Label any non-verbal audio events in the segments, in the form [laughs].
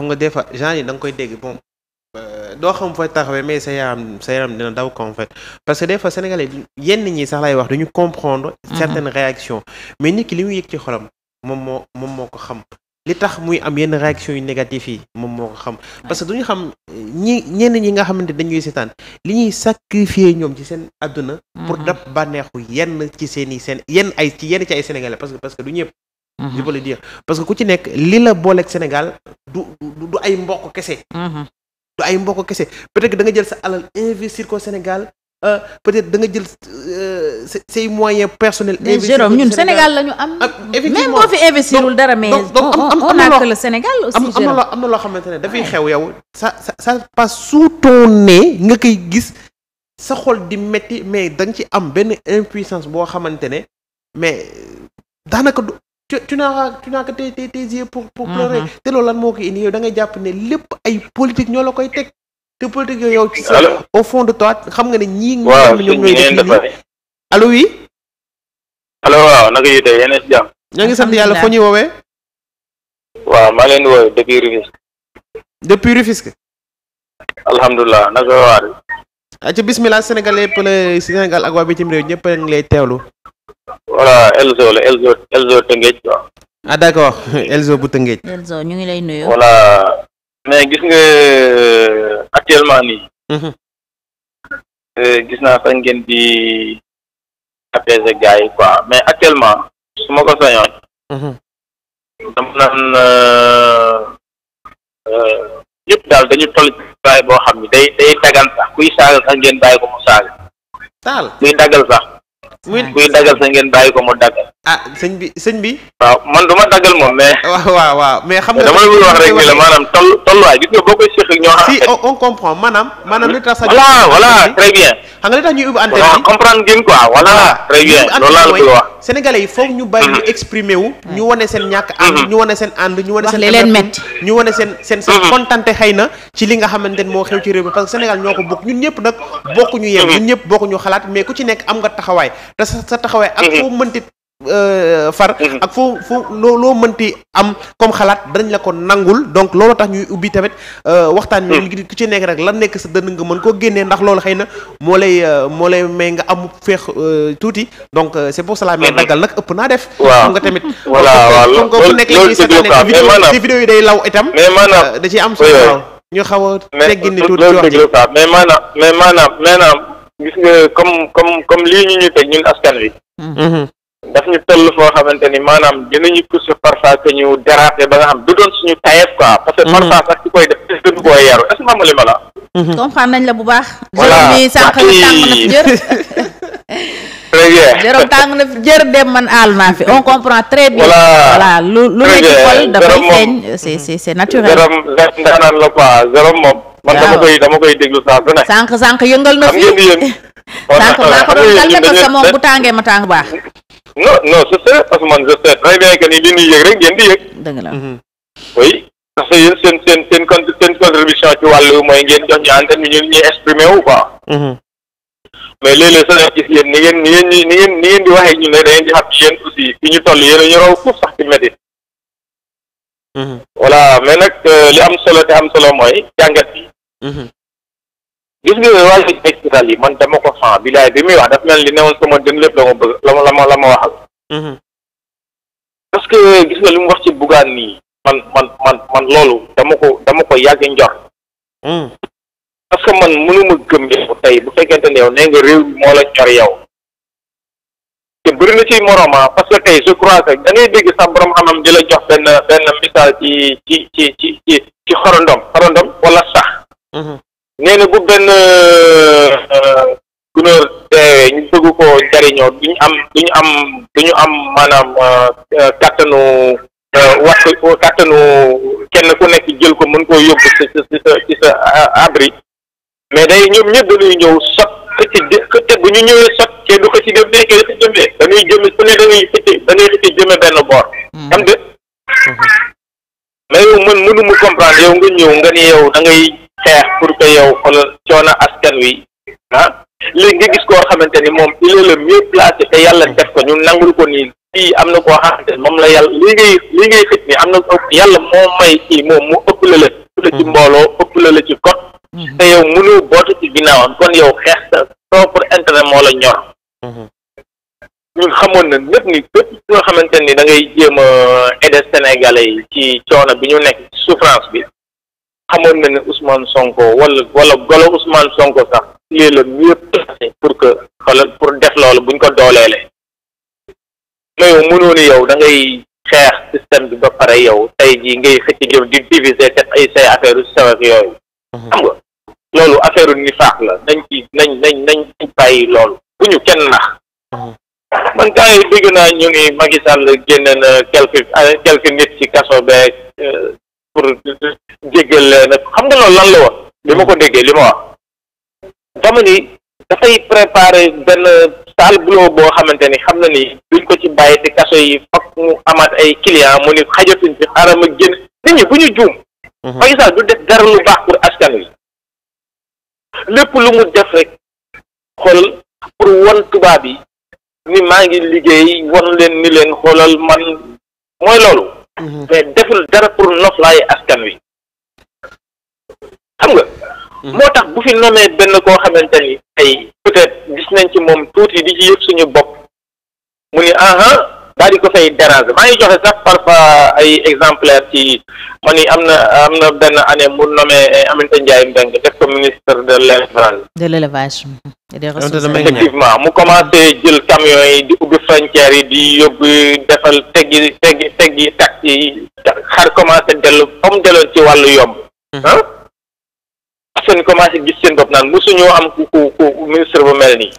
xam nga des fois genre yi da nga koy dégg bon euh, doo xam fooy taxawee mais sa yaram sa yaram dina daw en fait parce que des fois sénégalais yenn ñi sax lay wax duñu comprendre mhm. certaines réactions mais nit ki li muy yëg ci xolam moom moo moom moo ko xam li tax muy am yenn réaction yu négatif yi moom moo ko xam parce que duñu xam ñi ñenn ñi nga xamante dañuy seetaan li ñuy sacrifier ñoom ci seen àdduna mhm. pour dab bànneexu yenn ci seen i seen yenn ay ci yenn ci ay sénégalais parce que parce que du ñëpp Mhm. je peux le parce que ku ci nekk li la booleeg Sénégal du du ay mbokk kese. du ay mbokk kese mhm. peut que da nga jël sa alal investir ko Sénégal. Euh, peut-être da nga jël euh, say moyens personnels. investir Jérôme ñun Sénégal la ñu am. Ah, même boo fi dara mais. donc am na loo Sénégal am na loo am na loo xamante ne dafay xew yow. sa sa ça passe su ton nez nga koy gis sa xol di metti mais da nga ci am benn impuissance boo xamante ne mais daanaka du tu tu n'as tu n'as que tes tes tes yeux pour pour mhm. pleurer. te loolu lan moo ko indi yow da ngay jàpp ne lépp ay politique ñoo la koy teg te politique yooyu yow. ci au fond de toi xam nga ne ñii. waaw ñoom ñooy def nii allo oui. allo waaw naka yi tey yéen a si jàmm. ñoo ngi sant yàlla foo ñuy woowee. waaw maa leen di woowee depuis Rufisque. depuis Rufisque. alhamdulilah naka waa. ci bismillah Sénégal yëpp la Sénégal ak waa bitim réew ñëpp a ngi lay teewlu. voilà Elzo la Elzo Elzo Tëngéej quoi. ah d' accord [laughs] bu Tëngéej. Elzo ñu ngi lay nuyu. voilà mais gis nga euh, actuellement nii. Mhm. Euh, gis naa sax ngeen bi apaiser gars yi mais actuellement su ma ko sañoon. Mhm. dama naan euh, yëpp daal dañu toll baay boo xam ne day day daggan sax kuy saaga sax ngeen bàyyi ko mu saaga. taal kuy daggal sax. kuy dagal sa ngeen bàyyi ko mu dagal ah sëñ bi sëñ bi. waaw man du daggal moom mais. [laughs] waaw waaw mais xam nga. dama la wax rek ni la maanaam toll tolluwaay gis nga boo koy séq ak ñoo xam. si on comprend maanaam. maanaam li tax sa. voilà voilà très xam nga tax a wax. sénégalais yi foog ñu bàyyi ñu mhm. exprimer wu. Mhm. ñu wane seen na ci li nga xamante ne moo xew ci réew mi parce que Sénégal ñoo ko bokk ñun ñëpp nag bokkuñu yem mhm. ñun ñëpp bokkuñu xalaat mais ku ci nekk am nga taxawaay te sa taxawaay ak foo mënti Euh, far mhm. ak foo foo loo loo mënti am comme xalaat dañ la ko nangul donc loolu tax ñuy ubbi tamit euh, waxtaan bi ngi mhm. ku ci nekk rek la nekk sa dënn nga mën koo génnee ndax loolu xëy na moo lay euh, moo lay may nga am feex tuuti donc c'est pour cela mais mhm. daggal nag ëpp naa def xam nga tamit [laughs] voilà comme que ku nekk la ñuy seetaane ci vidéo yi day law itam da ciy am solo ñu xaw a teggi ni tuuti wax mais maanaam mais maanaam maanaam gis nga comme comme comme lii ñu ñu teg ñun askan daf ñu toll foo xamante ni maanaam dinañu pousser parfois que ñu déraper ba nga xam du doon suñu tayeef quoi. parce que mhm. parfois sax ci koy def gën yaru est ma li ma la. Mhm. comprendre nañ la bu baax. voilà sànq na tàng na na fi jër [laughs] man aal naa fi on comprend très bien. voilà lu lu ne ci xol dafay feeñ c'est c'est c'est naturel. jërëm koy dama koy déglu saa sànq sànq yëngal na fi am yëngu [laughs] bu tàngee ma tàng baax. non no c'est ça parce que man je sais très bien que ni li ñuy yëg rek ngeen di yëg. dëgg la. Mhm. oui parce que yéen seen seen seen con seen contribution ci wàll mooy ngeen jox ñu antenne bi ñu ñuy exprimer wu mhm. mais léeg-léeg sax gis ngeen ni ngeen ni ngeen ni ngeen ni ngeen di waxee ñun ne da ngeen di xam ci yéen aussi ñu tol yéen a ñu raw foofu sax ci métti. Mhm. voilà mais nag euh, li am solo te am solo mooy jàngat bi. gis nga wàllu hôpital man dama ko xam bilaay bi muy wax daf mel li newoon sama dën lépp la ma bëgg la ma la ma la ma waxal. Mm-hmm. parce que gis nga li mu wax ci Bougane nii man man man man loolu dama ko dama ko yàgg njor. Mm. parce que man mënuma gëm yow tey bu fekkente ni yow nee nga réew moo la ñor yow. te bëri na ci moroma parce que tey je crois que dégg sax borom xamam di la jox benn benn misaal ci ci ci ci ci xorondom xorondom wala sax. Mm-hmm. nee na bu benn euh, gunóor deewee ñu bëgg ko jariñoo duñu am duñu am duñu am maanaam euh, euh, kàttanu wax kàttanu kenn ku nekk jël ko mën koo yóbbu ci sa ci sa abri mais day ñoom ñëpp dañuy ñëw sot xëcc xëcc bu ñu ñëwee sot kenn du xëcc dem dee kenn du jëm dañuy jëm su ne dañuy xëcc dañuy xëcc jëme benn boor hmm. xam nga hmm. mais yow man comprendre yow nga ñëw nga ni yow da ngay xeex pour que yow xoolal coono askan wi ah léegi nga gis koo xamante moom il mieux placé te yàlla def ko ñu nangul ko nii lii am na koo xamante ni moom la yàlla lii ngay lii ngay am na yàlla moo may kii moom mu ëpp la la ëpp la ci mbooloo ëpp la la ci kot mm-hmm. te yow mënoo bootu ci ginnaawam kon yow xeex sa propre intérêt moo la ñor mm-hmm. ñun xamoon na ñëpp ni bépp nga xamante ni da ngay jéem a aider yi ci coono bi ñu nekk souffrance bi xamoon na ne Ousmane Sonko wala wala golo Ousmane Sonko sax il est le mieux pour que xoolal pour def loolu buñ ko dooleele mais yow mënoo ni da ngay xeex système bi ba pare yow tey jii ngay xëcc jëm di diviser ay say affaire sew ak yooyu mhm. xam nga loolu affaire nifaax la nañ ci nañ nañ nañ bàyyi loolu bu ñu kenn nax mhm. man temps yi naa ñu ngi Macky Sall na quelques nit ci kaso beeg euh, pour jéggal leen xam nga loolu lan la woon li ma ko déggee li ma wax dama ni dafay préparer benn salle boulot boo xamante ni xam na ni duñ ko ci bàyyi ci kaso yi fokk mu amaat ay client mu ni xajatuñ ci xaaral ma génn nit ñi bu ñu juum mhm. Macky Sall du def dara lu baax pour askan wi lépp lu mu def rek xool pour won tubaab yi ni maa ngi liggéey won leen ni leen xoolal man mooy loolu mais deful dara pour noflaay askan wi xam nga mhm. moo tax bu fi nomee benn koo xamante ni ay peut-être gis nañ ci moom tuuti di ci yëpp suñu bopp mu ni aha ah, daal ko fay déranger maa ngi joxe sax parfois ay exemplaires ci ma ni am na am na benn année mu nommé Aminata Ndiaye Mbengue def ko ministre de l'élevage de l'élevage effectivement mu commencé jël camions yi di ubbi frontières yi di yóbbu defal teggi teggi teggi tax yi xar commencé dellu comme delloon ci wàllu yomb ah mhm. seen commencé gis seen bopp naan mosuñoo am ku ku ku ministre bu mel nii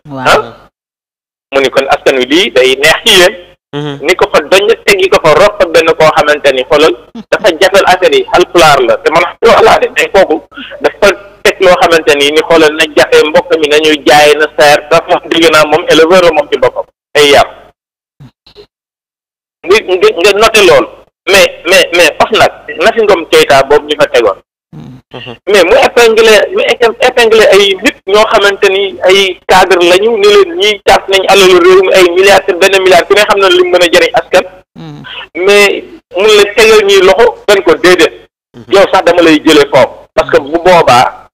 mu ni kon askan wi lii day neex ci yéen Mm-hmm. ni ko fa doññ tegi ko fa rob fa benn koo xamante ni xoolal dafa jafel affaire yi alpulaar la te man waxlaa de day kooku dafa teg loo xamante ni ni xoolal na jafe mbokk mi nañuy jaay na seer dafa moom dégg naa moom éleveur la moom ci boppam ay yar nga nga noté loolu mais mais mais of nag na fi ngom boobu ñu fa tegoon mais mu épinglé mu épinglé ay nit ñoo xamante ni ay cadre lañu ni leen ñiy taas nañ alalu réew mi ay milliards te benn milliard ku ne xam na lu mu mën a jëriñ askan mm. mais mun la tegal ñuy loxo dañ ko déedéet mm-hmm. yow sax dama lay jële foofu parce que bu boobaa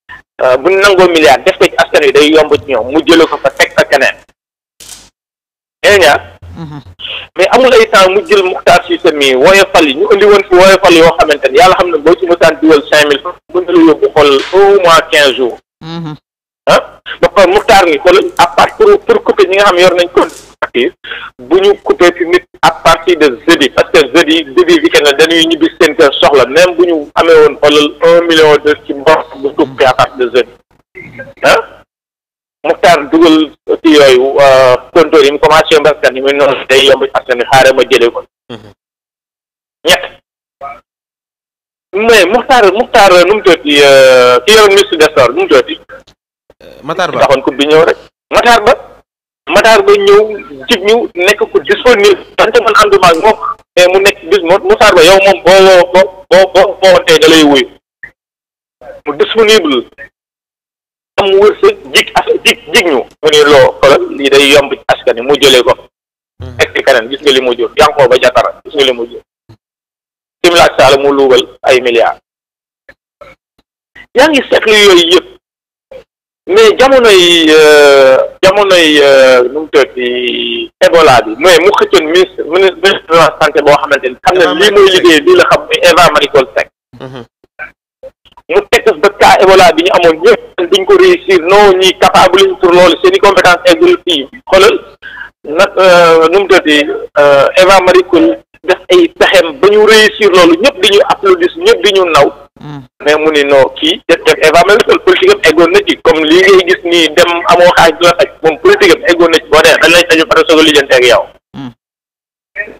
euh, bu nangoo milliard def ko ci askan wi day yomb ci ñoom mu jële ko fa teg fa keneen mais amul ay temps mu jël muxtaar si sa mii woyofal yi ñu indi woon fi woyofal yoo xamante yàlla xam ne boo ci mësaan diwal cinq mille francs bu ñu la yóbbu xool au moins quinze jours mhm. ah ba muxtaar ni xool à pour pour couper ñi nga xam yor nañ ko bu ñu couper fi nit à de jeudi parce jeudi début week la dañuy ñibbi seen soxla même bu ñu amee woon xoolal un million de ci mbor bu couper à de jeudi ah muxtaar dugal tontóor yi mu commencé yi muy noonu day yomb askan yi xaaral ma jëlee ko mhm. ñett mais Muxtaar Muxtaar nu mu tooti euh, ki yoroon ministre des euh, Ba taxoon rek Matar Ba Matar Ba ñëw jib ñu nekk ku disponible wante man ànduma ak moom mu nekk bis moo Ba yow moom boo boo boo boo boo tey da lay wuyu mu disponible am wërsëg jig jig jig ñu mu ni loo lii day yomb ci askan mu jëlee ko hmm. teg ci gis nga li mu jur yankoo ba jatara gis nga li mu jur Simla ak mu luubal ay milliards yaa ngi seetlu yooyu yëpp mais jamonoy euh, jamonoy euh, nu Ebola bi mais mu xëccoon ministre ministre de la santé boo xamante ni xam ne lii mooy liggéey lii la xam muy Eva Marie Coll Seck hmm. mu tekkas ba cas Ebola bi ñu amoon ñëpp diñ ko réussir non ñi capable ñu pour loolu seen i compétence eggul fii xoolal nag euh, nu mu tëddee euh, Eva Marie Coll def ay pexem ba ñu réussir loolu ñëpp di ñu applaudir ñëpp di ñu naw mm. mais mu ne noo kii def def Eva Marie Coll politique am na ci comme lii ngay gis nii dem amoo xaalis la aj moom politique am eggoon na ci boo dee dañ lay dañu pare soog a lijjante ak yow mm.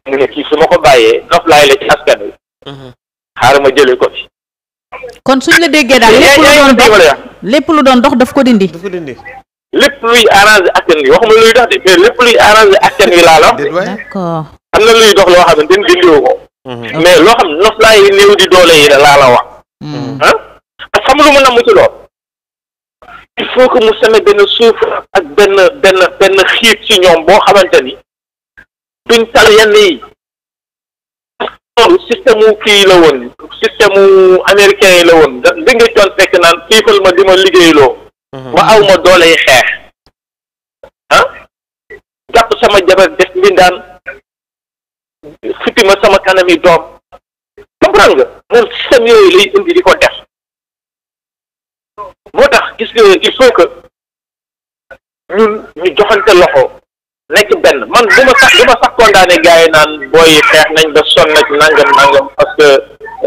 mu ne kii su ma ko bàyyee noflaay la ci askan wi mm-hmm. xaaral ma jëlee ko fi kon suñ la déggee daal lépp lu doon dox lépp daf ko dindi. daf lépp luy arrangé askan wi waxuma luy dox de lépp luy arrangé askan wi laa la. d'accord am na luy dox loo xam ne dindi wu ko. Mhm. mais loo xam noflaay yi néew di doole yi laa la wax. Hmm. ah parce que xam lu mu namm ci lool il faut que mu seme benn suuf ak benn benn benn xiit ci ñoom boo xamante ni duñ tal yenn yi. loolu système mu kii la woon système mu américain yi la woon da nga coon fekk naan xiifal ma di ma liggéeyloo mhm. ma aw doole yi xeex ah jàpp sama jabar def mbindaan futti ma sama kanam yi doom comprendre nga moom système yooyu lay indi di ko def moo tax gis nga il faut que ñun joxante loxo nekk benn man du ma sax du ma sax condamné gars yi naan booy xeex nañ ba sonn nag nangam nangam parce que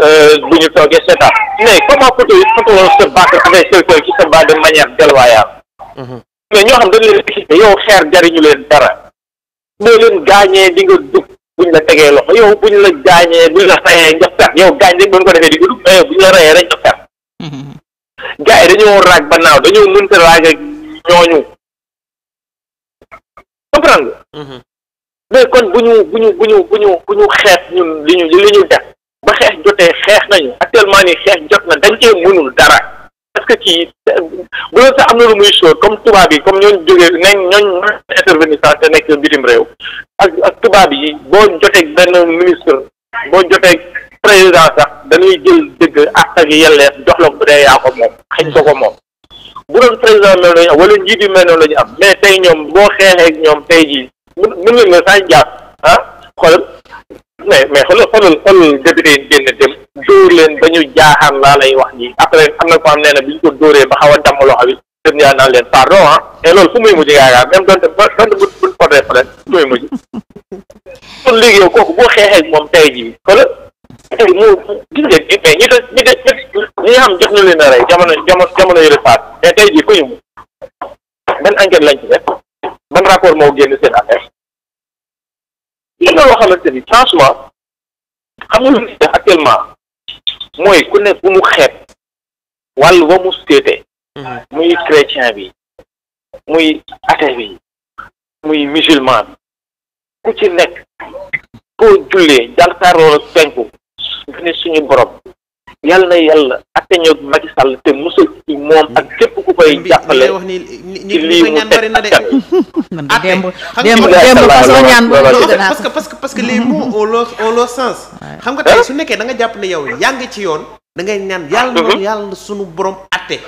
euh, bu ñu toogee seetaan mais comment peut-on peut-on se battre avec quelqu'un qui se bat de manière déloyale mm-hmm. mais ñoo xam dañ leen expliqué yow xeer jariñu leen dara boo leen gaañee di nga dugg buñ la tegee loxo yow buñ la gaañee buñ la rayee nga fer yow gaañ rek buñ ko defee di nga dugg mais buñ la rayee rek nga fer mm-hmm. gars yi dañoo raag ba naaw dañoo mënta raag ak ñooñu comprendre nga. Mhm. mais kon bu ñu bu ñu bu ñu bu ñu bu ñu xeex ñu li ñu li ñu def ba xeex jotee xeex nañu actuellement nii xeex jot na dañ cee mënul dara parce que ci bu doon sax am na lu muy sóor comme tubaab yi comme ñooñu jógee nañ ñooñu intervenir sax te nekk bitim réew ak ak tubaab yi boo jotee benn ministre boo jotee président sax dañuy jël dëgg ak ak yelleef dox la bu dee yaa ko moom xëj ko ko moom. bu doon président mel nañu am wala njiit yu mel noonu la ñu am mais tey ñoom boo xeexee ak ñoom tey jii mun mun nga nga sañ jàpp ah xoolal mais mais xoolal xoolal xoolal député yi génn dem dóor leen ba ñu jaaxaan laa lay wax ji après am na ko am nee na bi ñu ko dóoree ba xaw a damm loxo bi dem yaa naan leen pardon ah et loolu fu muy mujj yaakaar même donte donte bu bu porté fële fu muy mujj [laughs] kon léegi yow kooku boo xeexee ak moom tey jii xoolal tey mu gis ngeen mais ñi doon ñi ñi nga jot na leen a rey jamono jamono jamono yële paas mais tey jii fu ñu ban enquête lañ ci ban rapport moo génn seen affaire li nga xamante ni franchement xam mooy ku ne bu mu mm-hmm. muy chrétien bi muy athée bi muy musulman bi ku ci nekk boo jullee jàkkaarloo ak penku nga ne suñu borom yàlla na yàlla atte ñoog Macky Sall te musal ci moom ak képp ku koy jàppale ci lii mu teg askan [laughs] man de démb démb démb façon ñaan parce que parce que parce que les mots ont leur ont sens xam nga tey su nekkee danga nga jàpp ne yow yaa ngi ci yoon da ngay ñaan yàlla na uh-huh. yàlla sunu borom atte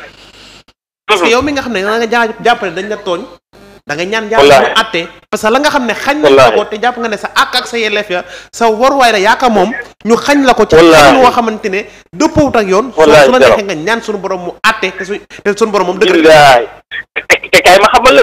parce que uh-huh. yow mi nga xam ne da nga jàppale dañ la tooñ da nga ñaan yàlla mu àtte parce que la nga xam ne xañ la ko te jàpp nga ne sa àq ak sa yelleef ya sa waruwaay la yaaka moom ñu xañ la ko ci xañ woo xamante ne dëppoowut ak yoon su la neexee nga ñaan suñu borom mu àtte te suñ te suñu borom moom dëgg te kay ma xamal la